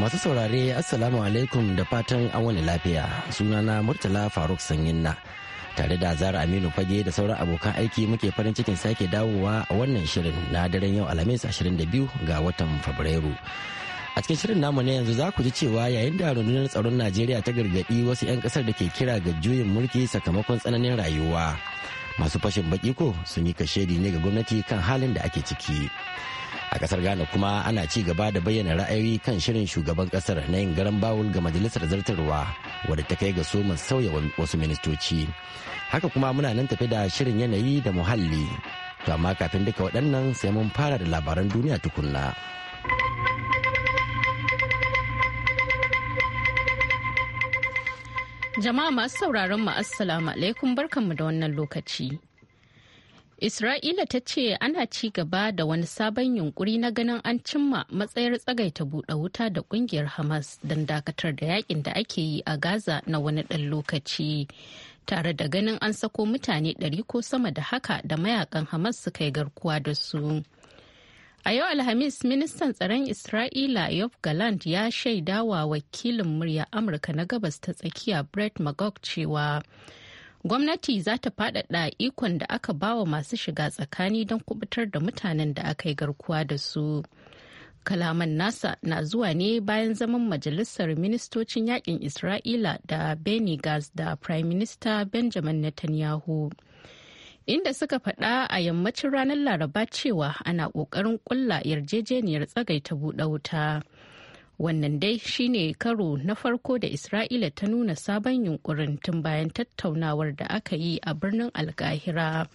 Masu saurare Assalamu alaikum da fatan an wani lafiya sunana Murtala Faruk Sanyinna tare da Zara Aminu Fage da sauran abokan aiki muke farin cikin sake dawowa a wannan shirin na daren yau Alhamis 22 ga watan Fabrairu. A cikin shirin namu na yanzu za ku ji cewa yayin da rundunar tsaron Najeriya ta gargadi wasu 'yan kasar da ke kira ga juyin mulki sakamakon tsananin rayuwa. masu fashin baki ko sun yi kashedi ne ga gwamnati kan halin da ake ciki a kasar ghana kuma ana ci gaba da bayyana ra'ayoyi kan shirin shugaban kasar na yin garan bawul ga majalisar zartarwa wadda ta kai ga somin sauya wasu ministoci haka kuma muna nan tafi da shirin yanayi da muhalli to amma kafin duka waɗannan sai mun fara da labaran duniya tukunna. Jama'a masu sauraron mu assalamu alaikum barkanmu da wannan lokaci. Isra'ila ta ce ana ci gaba da wani sabon yunkuri na ganin an cimma matsayar tsagaita buɗe wuta da ƙungiyar Hamas don dakatar da yakin da ake yi a Gaza na wani ɗan lokaci. Tare da ganin an sako mutane ɗari ko sama da haka da mayakan Hamas suka yi garkuwa da su. A yau Alhamis, ministan tsaron Isra'ila Yob Galant ya shaidawa wakilin murya Amurka na gabas ta tsakiya Brett Magog cewa gwamnati za ta faɗaɗa ikon da aka bawa masu shiga tsakani don kubutar da mutanen da aka yi garkuwa da su. Kalaman nasa na zuwa ne bayan zaman majalisar ministocin yakin Isra'ila da Benny Gantz da Prime Minister Benjamin Netanyahu. inda suka faɗa a yammacin ranar laraba cewa ana ƙoƙarin ƙulla yarjejeniyar tsagaita buɗe wuta wannan dai shine karo na farko da isra'ila ta nuna sabon yunkurin tun bayan tattaunawar da aka yi a birnin alkahira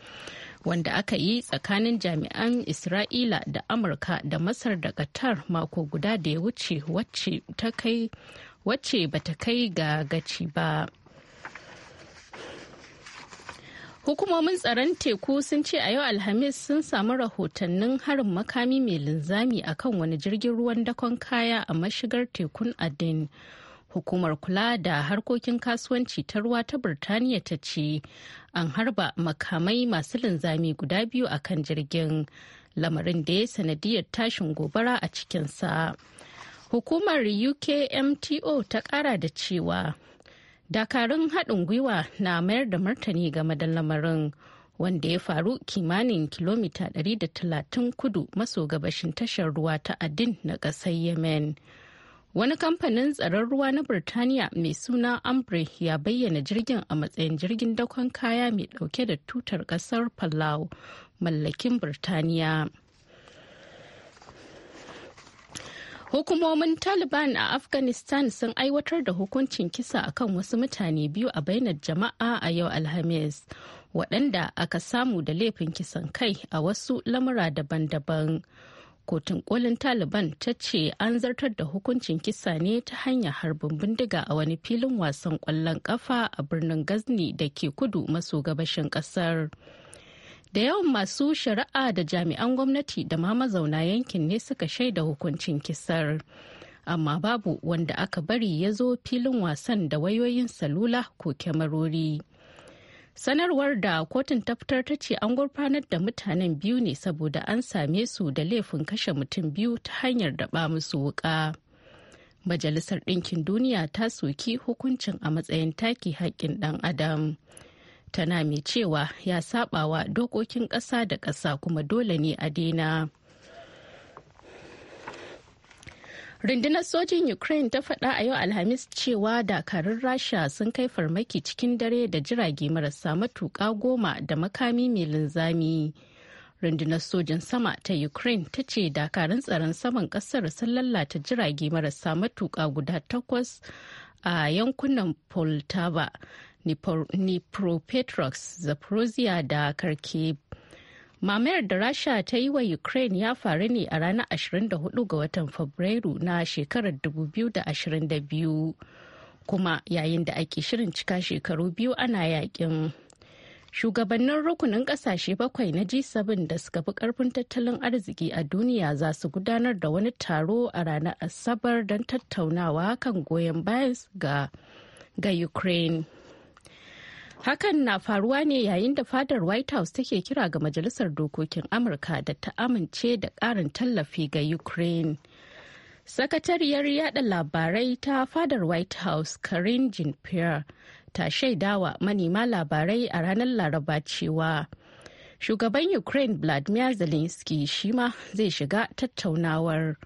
wanda aka yi tsakanin jami'an isra'ila da amurka da masar da qatar mako guda da ya wuce wacce ba ta kai ga gaci ba. Hukumomin tsaron teku sun ce a yau Alhamis sun samu rahotannin harin makami mai linzami a kan wani jirgin ruwan dakon kaya a mashigar tekun Aden. Hukumar kula da harkokin kasuwanci ta ruwa ta Birtaniya ta ce an harba makamai masu linzami guda biyu a kan jirgin lamarin da ya sanadiyar tashin gobara a cikinsa. Hukumar UKMTO ta kara da cewa dakarun haɗin gwiwa na mayar da martani game da lamarin wanda ya faru kimanin kilomita 130 kudu maso gabashin tashar ruwa ta adin na ƙasar yemen wani kamfanin tsaron ruwa na birtaniya mai suna ambre ya bayyana jirgin a matsayin jirgin dakon kaya mai dauke da tutar ƙasar palau mallakin birtaniya Hukumomin Taliban a Afghanistan sun aiwatar da hukuncin kisa akan wasu mutane biyu a bainar jama'a a yau Alhamis, waɗanda aka samu da laifin kisan kai a wasu lamura daban-daban. Kotun kolin Taliban ta ce an zartar da hukuncin kisa ne ta hanyar harbin bindiga a wani filin wasan kwallon kafa a birnin Ghazni da ke kudu maso gabashin kasar. da yawan masu shari'a da jami'an gwamnati da ma mazauna yankin ne suka shaida hukuncin kisar amma babu wanda aka bari ya zo filin wasan da wayoyin salula ko kyamarori sanarwar da kotun ta fitar ta ce an gurfanar da mutanen biyu ne saboda an same su da laifin kashe mutum biyu ta hanyar da ba musu wuka majalisar ɗinkin duniya ta soki hukuncin a matsayin taki haƙƙin ɗan adam tana mai cewa ya sabawa dokokin ƙasa da ƙasa kuma dole ne a daina. rundunar sojin ukraine ta faɗa a yau alhamis cewa dakarun rasha sun kai farmaki cikin dare da jirage marasa matuƙa goma da makami mai linzami rundunar sojin sama ta ukraine ta ce dakarun tsaron saman ƙasar sun lalata jirage marasa matuƙa guda takwas a yankunan poltava nipropetrox Zaporozhye da karke Mamayar da Rasha ta yi wa Ukraine ya faru ne a ranar 24 ga watan Fabrairu na shekarar 2022 kuma yayin da ake shirin cika shekaru biyu ana yakin. Shugabannin rukunin kasashe bakwai na G7 da suka fi karfin tattalin arziki a duniya za su gudanar da wani taro a ranar Asabar don tattaunawa kan goyon bayan ga Ukraine. Hakan na faruwa ne yayin da fadar White House take kira ga Majalisar Dokokin Amurka da ta amince da ƙarin tallafi ga Ukraine. Sakatariyar yada labarai ta fadar White House Karine Jean-Pierre ta shaidawa manema labarai a ranar Laraba cewa shugaban Ukraine Vladimir Zelensky shi ma zai shiga tattaunawar.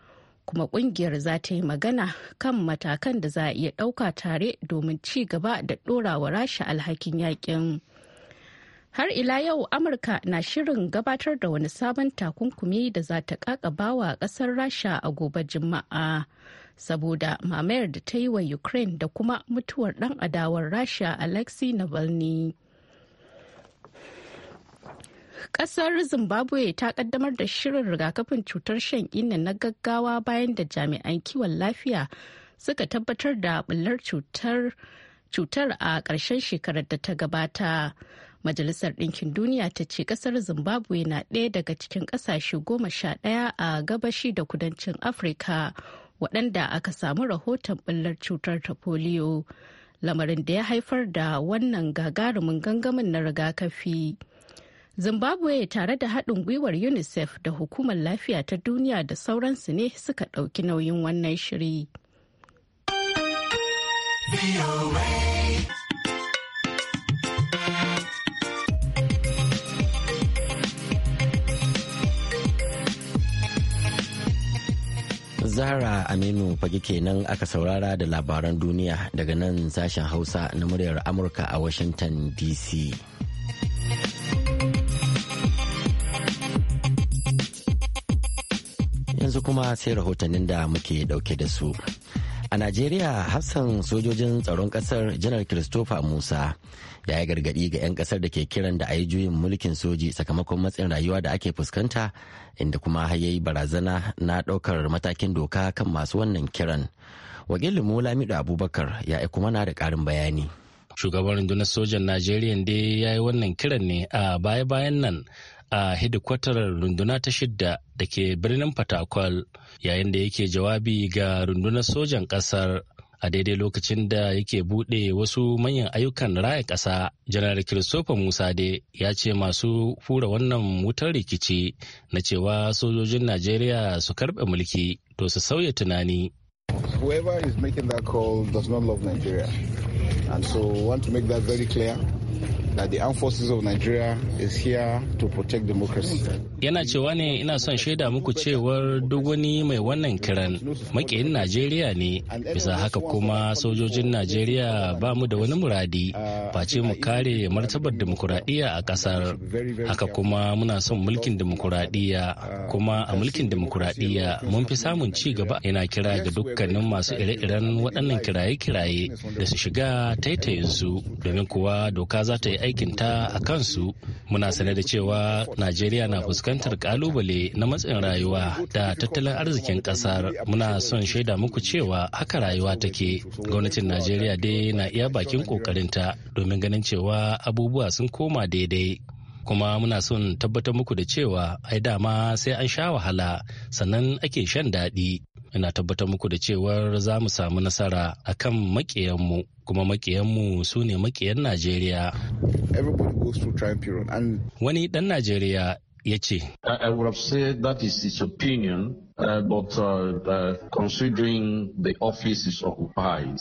kuma kungiyar za ta yi magana kan matakan da za a iya ɗauka tare domin ci gaba da ɗorawa rasha alhakin yakin. har ila yau amurka na shirin gabatar da wani sabon takunkumi da za ta bawa kasar rasha a gobe juma'a saboda mamayar da ta yi wa ukraine da kuma mutuwar ɗan adawar rasha alexei navalny Kasar Zimbabwe ta kaddamar da shirin rigakafin cutar shan inna na gaggawa bayan da jami'an kiwon lafiya suka tabbatar da bullar cutar cutar a ƙarshen shekarar da ta gabata. Majalisar Ɗinkin Duniya ta ce ƙasar Zimbabwe na ɗaya daga cikin ƙasashe goma sha ɗaya a gabashi da kudancin Afirka waɗanda aka samu rahoton ɓullar cutar ta polio Lamarin da ya haifar da wannan gagarumin gangamin na rigakafi. zimbabwe tare da haɗin gwiwar unicef da hukumar lafiya ta duniya da sauransu ne suka ɗauki nauyin wannan shiri Zahra Aminu fage kenan aka saurara da labaran duniya daga nan sashen Hausa na muryar Amurka a Washington DC. yanzu kuma sai rahotannin da muke dauke da su. A Najeriya, hafsan sojojin tsaron kasar Janar Christopher Musa ya yi gargadi ga 'yan kasar da ke kiran da a yi juyin mulkin soji sakamakon matsin rayuwa da ake fuskanta inda kuma yi barazana na ɗaukar matakin doka kan masu wannan kiran. Wakilin Lamido Abubakar ya aiko mana da ƙarin bayani. Shugaban rundunar sojan Najeriya dai ya yi wannan kiran ne a baya-bayan nan a hedikwatar runduna ta shidda da ke birnin fatakwal yayin da yake jawabi ga rundunar sojan ƙasar a daidai lokacin da yake buɗe wasu manyan ayyukan raya ƙasa janar christopher musa de ya ce masu fura wannan wutar rikici na cewa sojojin najeriya su karɓe mulki to su sauya tunani whoever is making that call does not love nigeria and so want to make that very clear that the armed forces of Nigeria is here to protect democracy. Yana cewa ne ina son shaida muku cewar duk wani mai wannan kiran makiyin Najeriya ne bisa haka kuma sojojin Najeriya ba mu da wani muradi face mu kare martabar demokuraɗiyya a ƙasar haka kuma muna son mulkin demokuraɗiyya kuma a mulkin demokuraɗiyya mun fi samun ci gaba yana kira ga dukkanin masu ire-iren waɗannan kiraye-kiraye da su shiga yanzu domin kuwa doka za ta yi aikinta a kansu muna sane da cewa najeriya na fuskantar kalubale na matsin rayuwa da tattalin arzikin kasar muna son shaida muku cewa haka rayuwa take gwamnatin najeriya dai na iya bakin kokarinta domin ganin cewa abubuwa sun koma daidai kuma muna son tabbatar muku da cewa ai dama sai an sha wahala sannan ake shan daɗi ina tabbatar muku da cewar za mu samu nasara a kan makiyanmu kuma makiyanmu su ne makiyan najeriya wani dan najeriya ya ce Uh, but uh, uh, considering the office is occupied,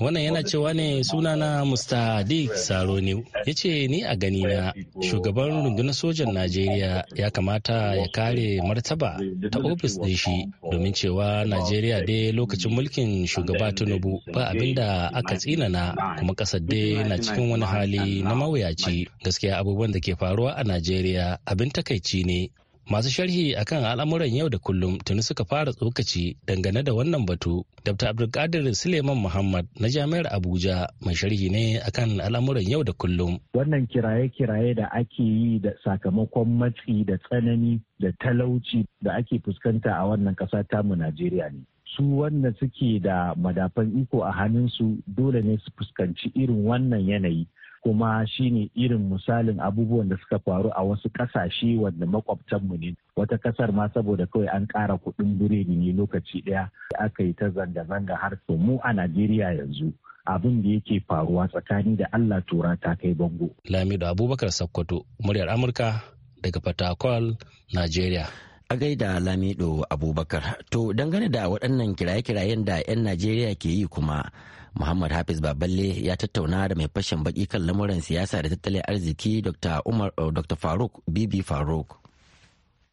wannan yana cewa ne sunana mr dick saroni ya ce ni a gani na shugaban rundunar sojan najeriya ya kamata ya kare martaba ta ofis ɗin shi domin cewa najeriya dai lokacin mulkin shugaba tinubu ba abin da aka tsinana kuma kasar dai na cikin wani hali na mawuyaci gaskiya abubuwan da ke faruwa a najeriya abin takaici ne masu sharhi akan al'amuran yau da kullum tuni suka fara tsokaci dangane da wannan batu dr abdulkadir suleiman muhammad na jami'ar abuja mai sharhi ne akan al'amuran yau da kullum wannan kiraye-kiraye da ake yi da sakamakon matsi da tsanani da talauci da ake fuskanta a wannan ƙasa tamu najeriya ne su wanda suke da madafan iko a hannunsu dole ne su fuskanci irin wannan yanayi kuma shine irin misalin abubuwan da suka faru a wasu kasashe wanda makwabtanmu ne wata kasar ma saboda kawai an ƙara kuɗin biredi ne lokaci ɗaya aka yi ta zanga-zanga har mu a najeriya yanzu abin da yake faruwa tsakani da allah tura ta kai bango lamido abubakar sakkwato muryar amurka daga fatakwal najeriya A gaida Lamido Abubakar. To dangane da waɗannan kiraye-kirayen da 'yan Najeriya ke yi kuma, Muhammad Hafiz Baballe ya tattauna da mai fashin baki kan lamuran siyasa da tattalin arziki Dr. Umar eh, Dr. Faruk Bibi Faruk.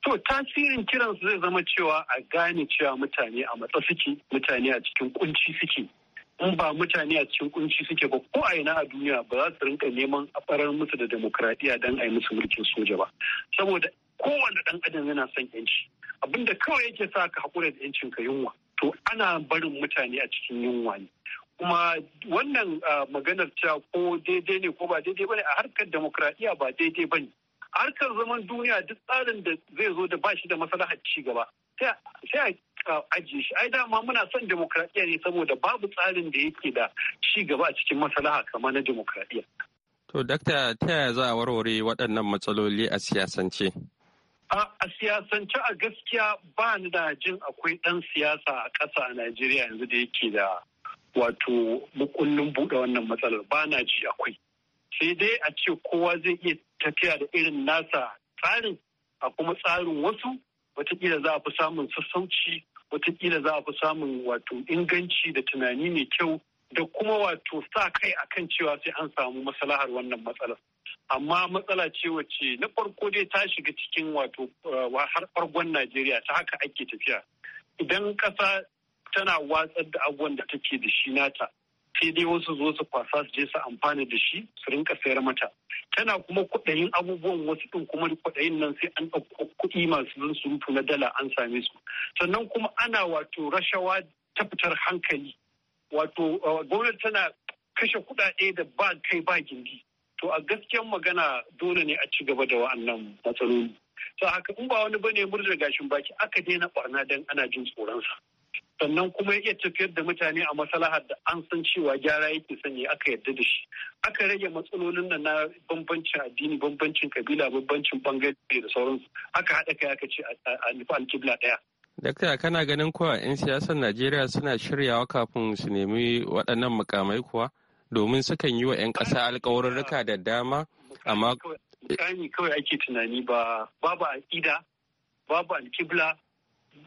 To tasirin kiransu zai zama cewa a gane cewa mutane a matsa suke, mutane a cikin kunci suke. in ba mutane a cikin kunci suke ba ko a ina a duniya ba za su rinka neman a farar musu da demokradiyya don a yi musu mulkin soja ba saboda kowane ɗan adam yana son yanci abinda kawai yake sa ka haƙura da yancin ka yunwa to ana barin mutane a cikin yunwa ne kuma wannan maganar ta ko daidai ne ko ba daidai bane a harkar demokradiyya ba daidai bane harkar zaman duniya duk tsarin da zai zo da bashi da maslahar ci gaba sai a aka ajiye shi ai dama muna son demokradiyya ne saboda babu tsarin da yake da ci gaba a cikin maslaha kamar na demokradiyya to dakta ta yaya za a warware waɗannan matsaloli a siyasance a siyasance a gaskiya ba ni da jin akwai ɗan siyasa a ƙasa a najeriya yanzu da yake da wato mukullin buɗe wannan matsalar ba na ji akwai sai dai a ce kowa zai iya tafiya da irin nasa tsarin a kuma tsarin wasu watakila za a fi samun sassauci watakila za a fi samun wato inganci da tunani mai kyau da kuma wato sa kai akan cewa sai an samu masalahar wannan matsalar amma matsala ce wacce na farko dai ta shiga cikin wato eh, har bargon najeriya ta haka ake tafiya idan ƙasa tana watsar da abubuwan da take da shi nata sai dai wasu zo su kwasa su je su amfana da shi su rinka sayar mata tana kuma kudayin abubuwan wasu ɗin kuma kudayin nan sai an ɗauko kuɗi masu zan surutu na dala an same su sannan kuma ana wato rashawa ta fitar hankali wato gwamnati tana kashe kuɗaɗe da ba kai ba gindi to a gaskiyan magana dole ne a ci gaba da wa'annan matsaloli to haka in ba wani bane murna gashin baki aka daina barna dan ana jin tsoronsa sannan kuma ya iya tafiyar da mutane a masalahar da an san cewa gyara yake sanya aka yarda da shi aka rage matsalolin da na bambancin addini bambancin kabila bambancin bangare da sauransu aka haɗa kai aka ce a nufi alkibla ɗaya. Dakta kana ganin kuwa 'yan siyasar Najeriya suna shiryawa kafin su nemi waɗannan mukamai kuwa domin sukan yi wa 'yan ƙasa alƙawarurruka da dama amma. kawai ake tunani ba babu aƙida babu alkibla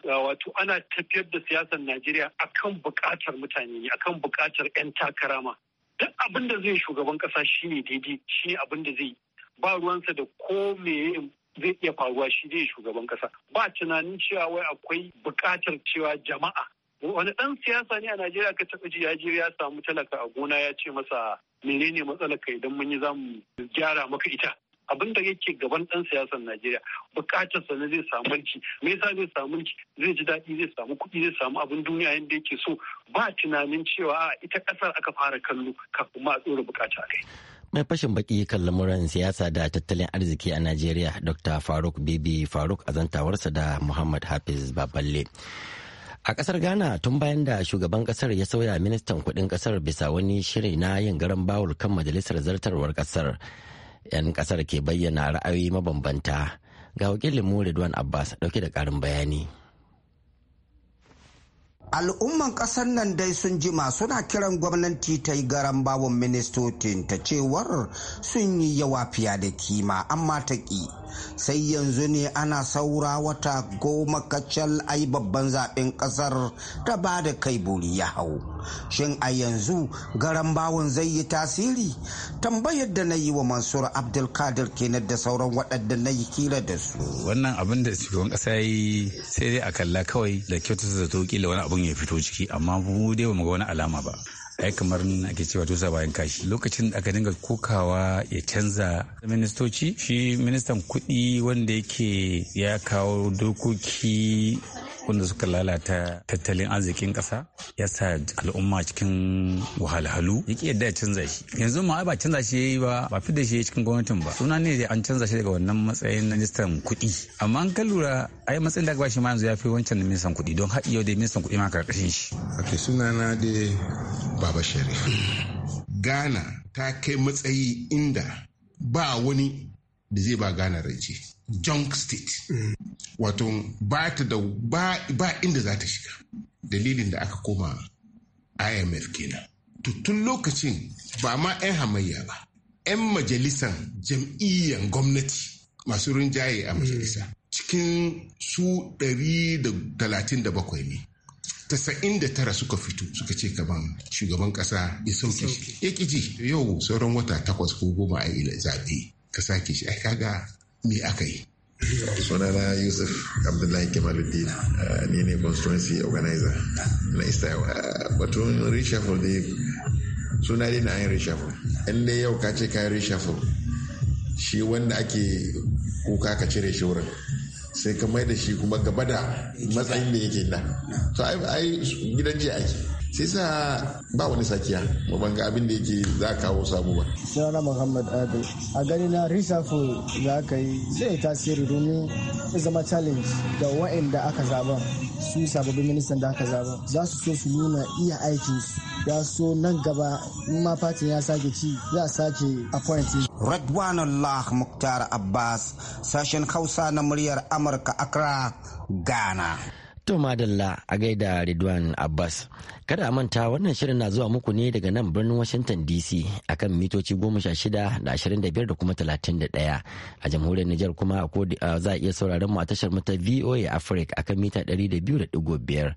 wato ana tafiyar da siyasar Najeriya akan bukatar mutane ne akan bukatar 'yan takara ma duk abin da zai shugaban kasa shine daidai shi ne abin da zai ba ruwansa da ko me zai iya faruwa shi zai shugaban kasa ba tunanin cewa wai akwai bukatar cewa jama'a wani ɗan siyasa ne a Najeriya ka taɓa ji ya je ya samu talaka a gona ya ce masa menene matsalar ka idan mun yi zamu gyara maka ita abin da yake gaban dan siyasar Najeriya bukatar sa zai samu ci me yasa zai samu ci zai ji daɗi zai samu kuɗi zai samu abin duniya yanda yake so ba tunanin cewa ita ƙasar aka fara kallo kafin ma a tsora bukata kai mai fashin baki kan lamuran siyasa da tattalin arziki a najeriya dr faruk bibi faruk a zantawarsa da muhammad hafiz baballe a kasar ghana tun bayan da shugaban kasar ya sauya ministan kudin kasar bisa wani shiri na yin garan bawul kan majalisar zartarwar kasar 'yan kasar ke bayyana ra'ayoyi mabambanta ga wakilin mu Ridwan Abbas dauke da karin bayani. Al'umman ƙasar nan dai sun jima suna kiran gwamnati ta yi garan bawon ministocin ta cewar sun yi yawa fiya da kima amma ta ƙi. Sai yanzu ne ana saura wata goma kacal ai babban zaɓen ƙasar ta ba da kai buri ya hau. shin a yanzu garan bawon zai yi tasiri tambayar da na yi wa mansur abdulkadir kenan da sauran waɗanda na yi kira da su wannan abin da shugaban ƙasa ya yi sai dai a kalla kawai da kyautata zato kila wani abin ya fito ciki amma mu dai ba mu ga wani alama ba ai kamar ake cewa tusa bayan kashi lokacin da aka dinga kokawa ya canza ministoci shi ministan kuɗi wanda yake ya kawo dokoki wanda suka lalata tattalin arzikin ƙasa ya sa al'umma cikin wahalhalu ya ki yadda ya canza shi yanzu ma ba canza shi yayi ba ba fi da shi cikin gwamnatin ba suna ne an canza shi daga wannan matsayin ministan kuɗi amma an kan lura ai matsayin da shi ma yanzu ya fi wancan da ministan kuɗi don har yau da ministan kuɗi ma karkashin shi. ake sunana da baba sharif ghana ta kai matsayi inda ba wani da zai ba ghana rance junk state wato ba da ba inda za ta shiga dalilin da aka koma imf kenan to tun lokacin ba ma 'yan hamayya ba 'yan majalisan jam'iyyar gwamnati masu rinjaye a majalisa cikin su 137 ne tasa'in da tara suka fito suka ce kaman shugaban kasa ya sauke shi ya ƙi ji yau sauran wata takwas ko goma a yi zaɓe ka sake shi ai kaga me aka yi sunana yusuf abdullahi kemaluddin uh, ni ne constituency organizer na istayo uh, batun reshuffle dai suna dai na an reshuffle inda yau ka ce kayan reshuffle shi wanda ake kuka ka cire shi wurin sai ka mai da shi kuma gaba da matsayin da yake nan to ai gidan jiya ake sai sa ba wani sakiya mu ga abin da yake za kawo samu ba sunana muhammad ado a gani na risafo za ka yi zai tasiri domin zama challenge da wa'anda aka zaba su sababbin ministan da aka zaba za su so su nuna iya aikin su ya so nan gaba in ma fatin ya sake ci za a sake appointing radwanullah muktar abbas sashen hausa na muryar amurka accra ghana To madalla a gaida Ridwan Abbas. Kada a manta wannan shirin na zuwa muku ne daga nan birnin Washington DC akan mitoci goma shida da ashirin da biyar da kuma talatin da ɗaya. A jamhuriyar Nijar kuma za a iya sauraron mu a tashar mu ta VOA Africa akan mita ɗari da biyu da ɗigo biyar.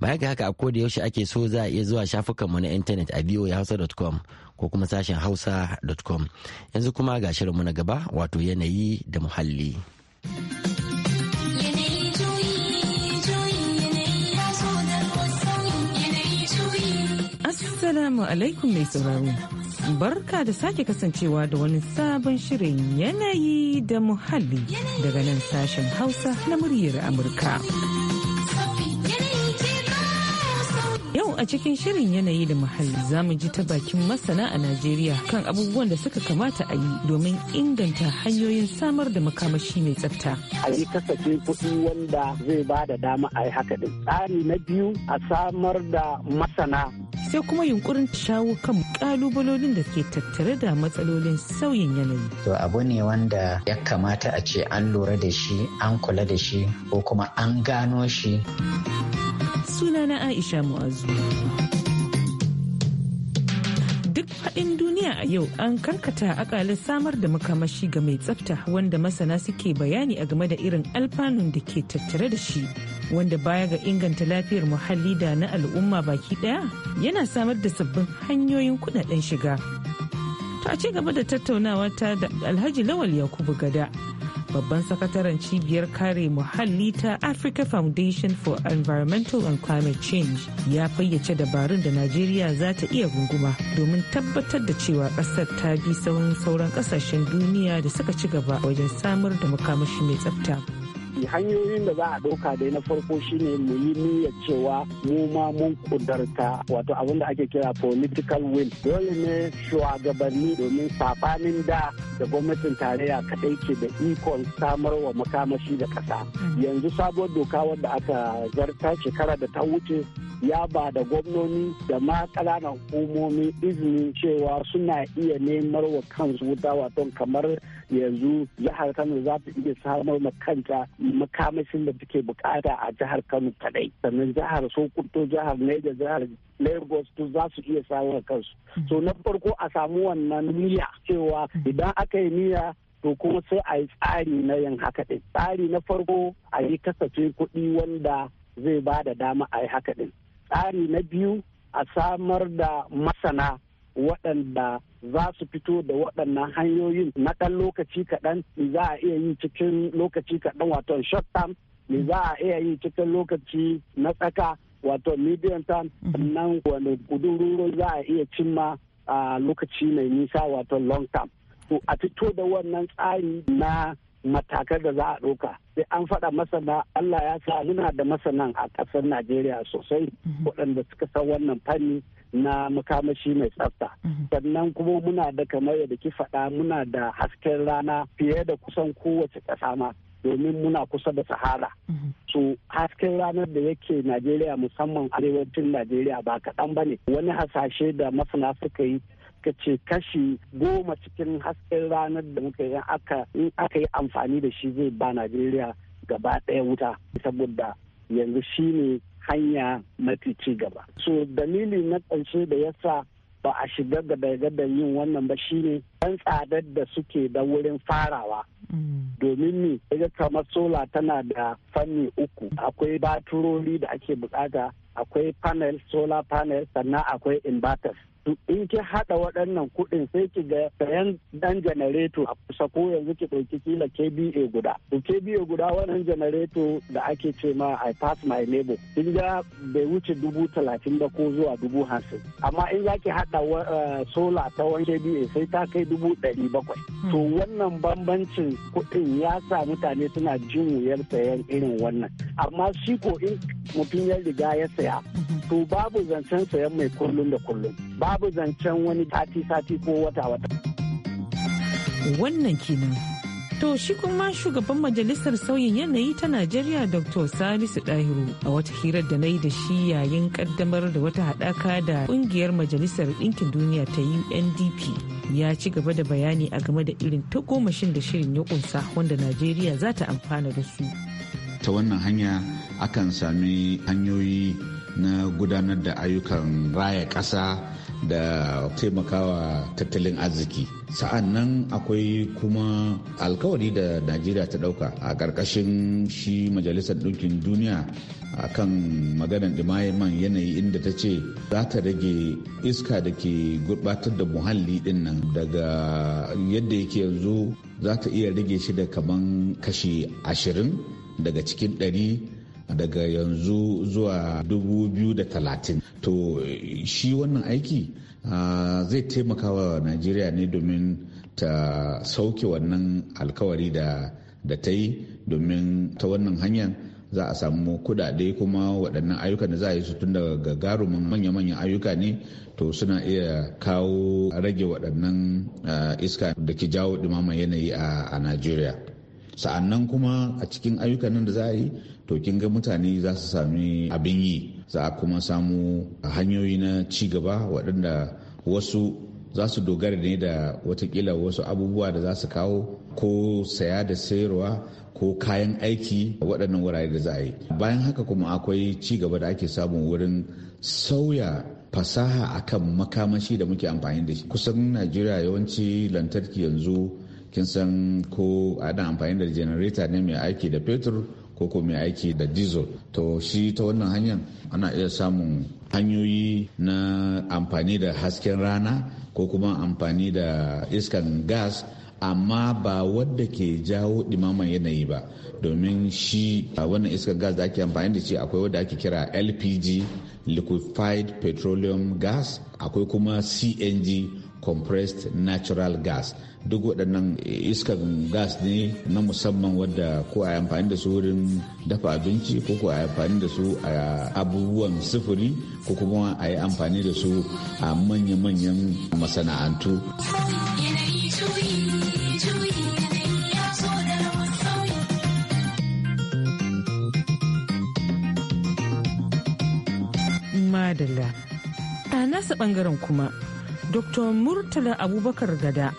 Baya ga haka a koda yaushe ake so za a iya zuwa shafukan mu na intanet a voahausa.com ko kuma sashen hausa.com. Yanzu kuma ga shirin mu na gaba wato yanayi da muhalli. Assalamu alaikum mai sauraro. Barka da sake kasancewa da wani sabon shirin yanayi da muhalli daga nan sashen Hausa na muryar Amurka. a cikin shirin yanayi da muhalli za mu ji ta bakin masana a Najeriya kan abubuwan da suka kamata a yi domin inganta hanyoyin samar da makamashi mai tsafta. A yi kasafin kuɗi wanda zai ba da dama a yi haka din. Tsari na biyu a samar da masana. Sai kuma yunkurin shawo kan kalubalolin da ke tattare da matsalolin sauyin yanayi. To abu ne wanda ya kamata a ce an lura da shi, an kula da shi, ko kuma an gano shi. sunana Aisha Mu'azu. Duk faɗin duniya a yau an karkata akalin samar da makamashi ga mai tsafta wanda masana suke bayani a game da irin alfanun da ke tattare da shi. Wanda baya ga inganta lafiyar muhalli da na al'umma baki ɗaya yana samar da sabbin hanyoyin kudaden shiga. Ta ce gaba da tattaunawa ta da Alhaji Lawal Yakubu Gada babban sakataren cibiyar kare muhalli ta Africa Foundation for Environmental and Climate Change ya fayyace dabarun da Najeriya za ta iya runguma domin tabbatar da cewa ƙasar ta bi sauran sauran ƙasashen duniya da suka ci gaba wajen samar da makamashi mai tsafta. hanyoyin da za a ɗauka dai na farko shine mu yi niyyar cewa mu ma mun kudarta wato abin da ake kira political will dole ne shugabanni domin safanin da da gwamnatin tarayya kadai ke da ikon samar wa makamashi da ƙasa mm. yanzu sabuwar doka wadda aka zarta shekara da ta wuce ya ba da gwamnoni da ma ƙananan hukumomi izinin cewa suna iya nemar wa kansu wuta wato kamar yanzu jihar kano za ta iya samar ma kanta makamashin da suke bukata a jihar kano kadai sannan jihar sokoto jihar niger jihar lagos to za su iya samun kansu mhm. so na farko a samu wannan niyya cewa mhm. idan aka yi niyya to kuma sai a yi tsari na yin haka din. tsari na farko a yi kasafin kuɗi wanda zai ba da dama a yi haka din. tsari na biyu a samar da masana waɗanda za su fito da waɗannan hanyoyin na ɗan lokaci kaɗan za a iya yi cikin lokaci kaɗan wato short term me za a iya yi cikin lokaci na tsaka wato medium term mhm. nan wani kudururo za a iya cimma a lokaci mai nisa wato long term to a fito da wannan tsari na matakan da za a ɗauka sai an faɗa masana Allah ya sa muna da masanan a ƙasar Najeriya sosai mhm. waɗanda suka san wannan fanni na makamashi mai tsafta mhm. sannan kuma muna da kamar yadda ki faɗa muna da hasken rana fiye da kusan kowace ƙasa ma domin muna kusa da sahara mhm. su hasken ranar da yake Najeriya musamman arewacin Najeriya ba kaɗan ba ne wani hasashe da masana suka yi suka ce kashi goma cikin hasken ranar da muka yi aka in aka yi amfani da shi zai ba najeriya gaba ɗaya wuta saboda yanzu shi ne hanya mafi ci gaba so dalili na ƙarshe da yasa ba a shiga gada yin wannan ba shi ne. ɗan tsadar da suke da wurin farawa mm. domin ni ya kamar sola tana da fanni uku akwai baturori da ake bukata akwai panel solar panel sannan akwai inverters in ki haɗa waɗannan kuɗin sai ki ga sayan dan janareto a kusa ko yanzu ki ɗauki kila KBA guda. To KBA guda wannan janareto da ake ce ma I pass my label. In ga bai wuce dubu talatin ba ko zuwa dubu hamsin. Amma in za ki haɗa eh, sola ta wani KBA sai ta kai dubu ɗari bakwai. Hmm. To wannan bambancin kuɗin ya sa mutane suna jin wuyar sayan irin wannan. Amma shi ko in mutum ya riga ya saya hmm. to babu zancen sayan mai kullum da kullum. babu zancen wani sati-sati ko wata-wata. Wannan kenan. To shi kuma shugaban majalisar sauyin yanayi ta Najeriya Dr. Salisu Dahiru a wata hirar da na yi da shi yayin kaddamar da wata haɗaka da ƙungiyar majalisar ɗinkin duniya ta UNDP ya ci gaba da bayani a game da irin ta tagomashin da shirin ya ƙunsa wanda Najeriya za ta amfana da su. Ta wannan hanya akan sami hanyoyi na gudanar da ayyukan raya ƙasa da taimakawa tattalin arziki sa'an nan akwai kuma alkawari da najeriya ta dauka a ƙarƙashin shi majalisar ɗinkin duniya a kan maganar man yanayi inda ta ce za ta rage iska da ke gurbatar da muhalli din nan daga yadda yake yanzu za ta iya rage shi da kaman kashi ashirin daga cikin ɗari daga yanzu zuwa 2030 to shi wannan aiki zai taimakawa wa najeriya ne domin ta sauke wannan alkawari da ta yi domin ta wannan hanyar za a samu kudade kuma waɗannan ayyukan da za a yi su tun daga garumin manya-manyan ayyuka ne to suna iya kawo rage waɗannan iska da ke jawo ɗumaman yanayi a najeriya sa'annan kuma a cikin ayyukan nan da za a yi to kin ga mutane za su sami abin yi za a kuma samu hanyoyi na ci gaba waɗanda wasu za su dogara ne da watakila wasu abubuwa da za su kawo ko saya da sayarwa ko kayan aiki A waɗannan wurare da za a yi bayan haka kuma akwai ci gaba da ake samu wurin sauya fasaha akan makamashi da muke amfani da shi kusan najeriya yawanci lantarki yanzu kin san ko ana amfani da generator ne mai aiki da fetur ko ko mai aiki da diesel to shi ta wannan hanyar ana iya samun hanyoyi na amfani da hasken rana ko kuma amfani da iskan gas amma ba wadda ke jawo ɗimaman yanayi ba domin shi wannan iskar gas da ake amfani da shi akwai wadda ake kira lpg liquefied petroleum gas akwai kuma cng compressed natural gas duk waɗannan eh, iskan gas ne na musamman wadda ko a amfani da su wurin dafa abinci ko ko a amfani da su a abubuwan sufuri ko kuma a yi amfani da su a manya-manyan masana'antu. Madalla. A nasa bangaren kuma dr murtala abubakar gada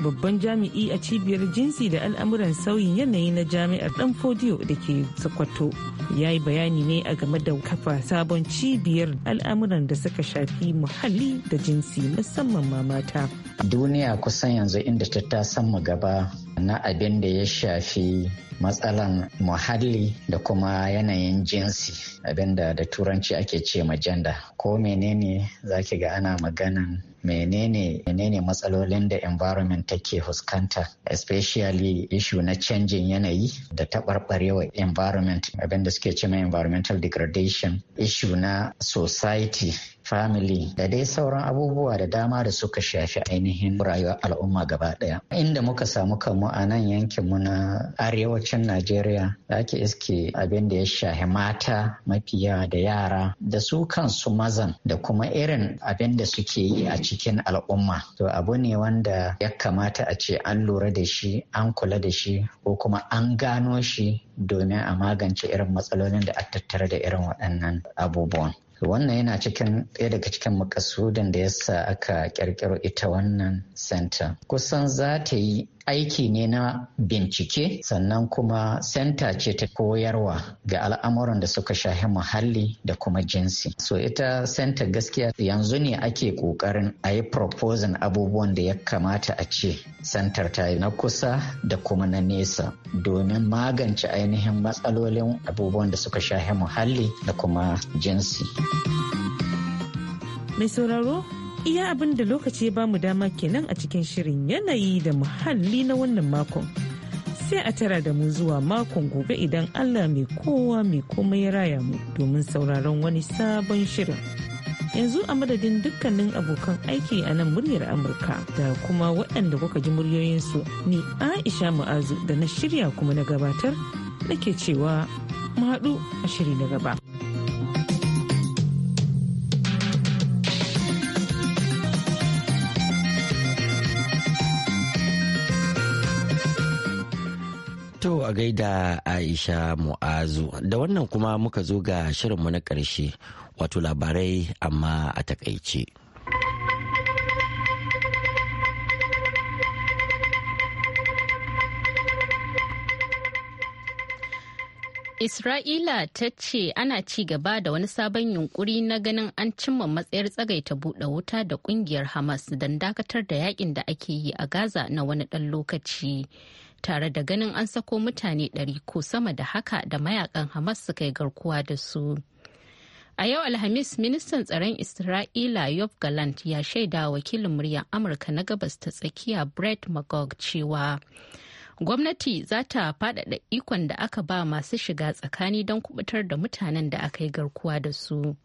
babban jami'i a cibiyar jinsi da al'amuran sauyin yanayi na jami'ar dan fodiyo da ke sokoto ya yi bayani ne a game da kafa sabon cibiyar al'amuran da suka shafi muhalli da jinsi musamman ma mata duniya kusan yanzu inda ta tasan gaba na abin da ya shafi matsalan muhalli da kuma yanayin jinsi abinda da turanci ake ce majanda janda ko menene zaki ga ana maganan menene menene matsalolin da environment take fuskanta especially issue na canjin yanayi da taɓarɓarewa environment abinda suke cima environmental degradation issue na society family da dai sauran abubuwa da dama da suka shafi ainihin rayuwar al'umma gaba daya inda muka samu kanmu a nan mu na arewacin najeriya da ake iske abin da ya shafi mata mafiya da yara da su kansu mazan da kuma irin abin da suke yi a cikin al'umma to abu ne wanda ya kamata a ce an lura da shi an kula da shi ko kuma an gano shi domin a magance irin matsalolin da a tattare da irin waɗannan abubuwan wannan yana cikin ɗaya daga cikin makasudin da yasa aka ƙirƙiro ita wannan center kusan za ta yi aiki ne na bincike sannan kuma senta ce ta koyarwa ga al'amuran da suka shahi muhalli da kuma jinsi so ita senta gaskiya yanzu ne ake ƙoƙarin a yi proposing abubuwan da ya kamata a ce sentar ta yi na kusa da kuma na nesa domin magance ainihin matsalolin abubuwan da suka shahi muhalli da kuma jinsi mai sauraro Iya abin da lokaci ya bamu dama kenan a cikin shirin yanayi da muhalli na wannan makon. Sai a tara da mu zuwa makon gobe idan Allah mai kowa mai komai ya raya mu domin sauraron wani sabon shirin. yanzu a madadin dukkanin abokan aiki a nan muryar amurka da kuma waɗanda kuka ji muryoyinsu ni aisha mu'azu da na shirya kuma na gabatar nake cewa mu haɗu a shiri na gaba. a gaida Aisha Mu'azu. Da wannan kuma muka zo ga shirinmu na ƙarshe wato labarai amma a takaice. Isra'ila ta ce ana ci gaba da wani sabon yunkuri na ganin an cimma matsayar tsagaita buɗe wuta da ƙungiyar Hamas don dakatar da yakin da ake yi a Gaza na wani ɗan lokaci. tare da ganin an sako mutane ɗari ko sama da haka da mayakan Hamas suka yi garkuwa da su. A yau Alhamis, ministan tsaron Isra'ila Yob Galant ya shaida wakilin muryar Amurka na gabas ta tsakiya Brett Magog cewa gwamnati za ta faɗaɗa ikon da aka ba masu shiga tsakani don kubutar da mutanen da aka yi garkuwa da su.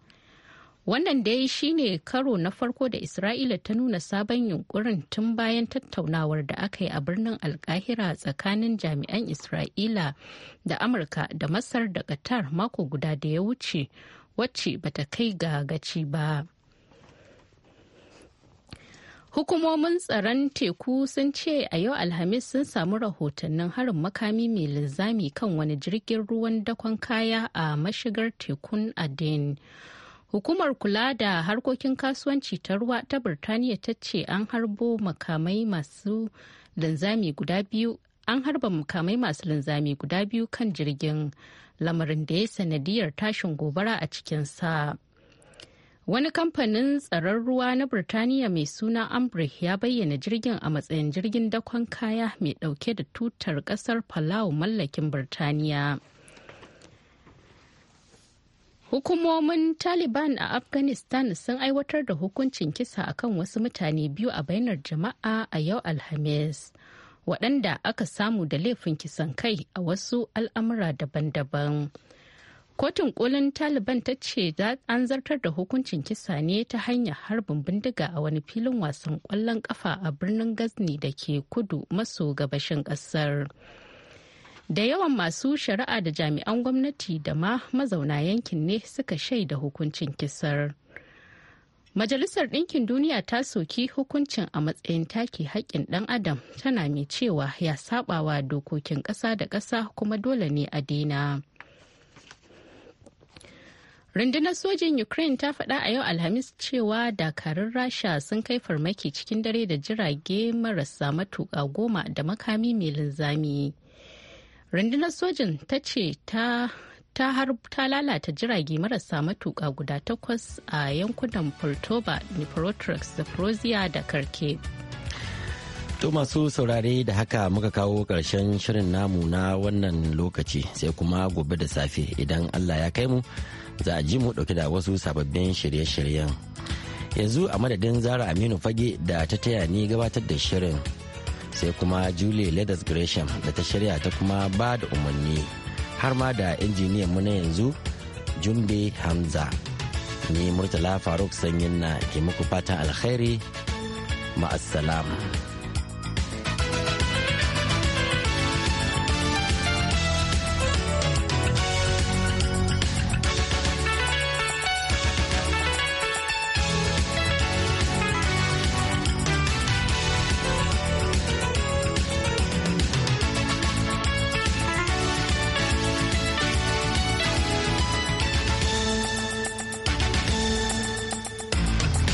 Wannan da dai shine karo na farko da Isra'ila ta nuna sabon yunkurin tun bayan tattaunawar da aka yi a birnin Alkahira tsakanin jami'an Isra'ila da Amurka da Masar da Qatar mako guda da ya wuce wacce bata kai ga gaci ba. Hukumomin tsaron teku sun ce a yau Alhamis sun samu rahotannin harin makami mai linzami kan wani jirgin ruwan dakon kaya a mashigar tekun Aden. Hukumar kula da harkokin kasuwanci ta ruwa ta Birtaniya ta ce an harbo makamai masu linzami guda biyu an harba makamai masu linzami guda biyu kan jirgin lamarin da ya sanadiyar tashin gobara a cikinsa. Wani kamfanin tsaron ruwa na Birtaniya mai suna ambre ya bayyana jirgin a matsayin jirgin dakon kaya mai dauke da tutar kasar Palau mallakin Birtaniya. Hukumomin Taliban a Afghanistan sun aiwatar da hukuncin kisa akan wasu mutane biyu a bainar jama'a a yau Alhamis, waɗanda aka samu da laifin kisan kai a wasu al'amura daban-daban. Kotun kolin Taliban ta ce an zartar da hukuncin kisa ne ta hanyar harbin bindiga a wani filin wasan ƙwallon ƙafa a birnin gazni da ke kudu maso gabashin ƙasar. da yawan masu shari'a da jami'an gwamnati da ma mazauna yankin ne suka shaida hukuncin kisar majalisar ɗinkin duniya ta soki hukuncin a matsayin take haƙƙin ɗan adam tana mai cewa ya sabawa dokokin ƙasa da ƙasa kuma dole ne a daina. Rundunar sojin Ukraine ta faɗa a yau Alhamis cewa dakarun Rasha sun kai farmaki cikin dare da jirage marasa matuƙa goma da makami mai linzami. rundunar sojin ta ce ta ta har ta lalata jirage marasa matuka guda takwas a yankunan Portoba, Niprotrax, Zaporozhia da karke. To masu saurare da haka muka kawo ƙarshen shirin namu na wannan lokaci sai kuma gobe da safe idan Allah ya kai mu za a ji mu ɗauki da wasu sababbin shirye-shiryen. Yanzu a madadin Zara Aminu Fage da ta taya ni gabatar da shirin. sai kuma julie ledes gresham da ta shirya ta kuma ba da umarni har ma da injiniyan mu na yanzu jumbe hamza ni murtala faruk sanyin na ke muku fatan alkhairi ma'assalam.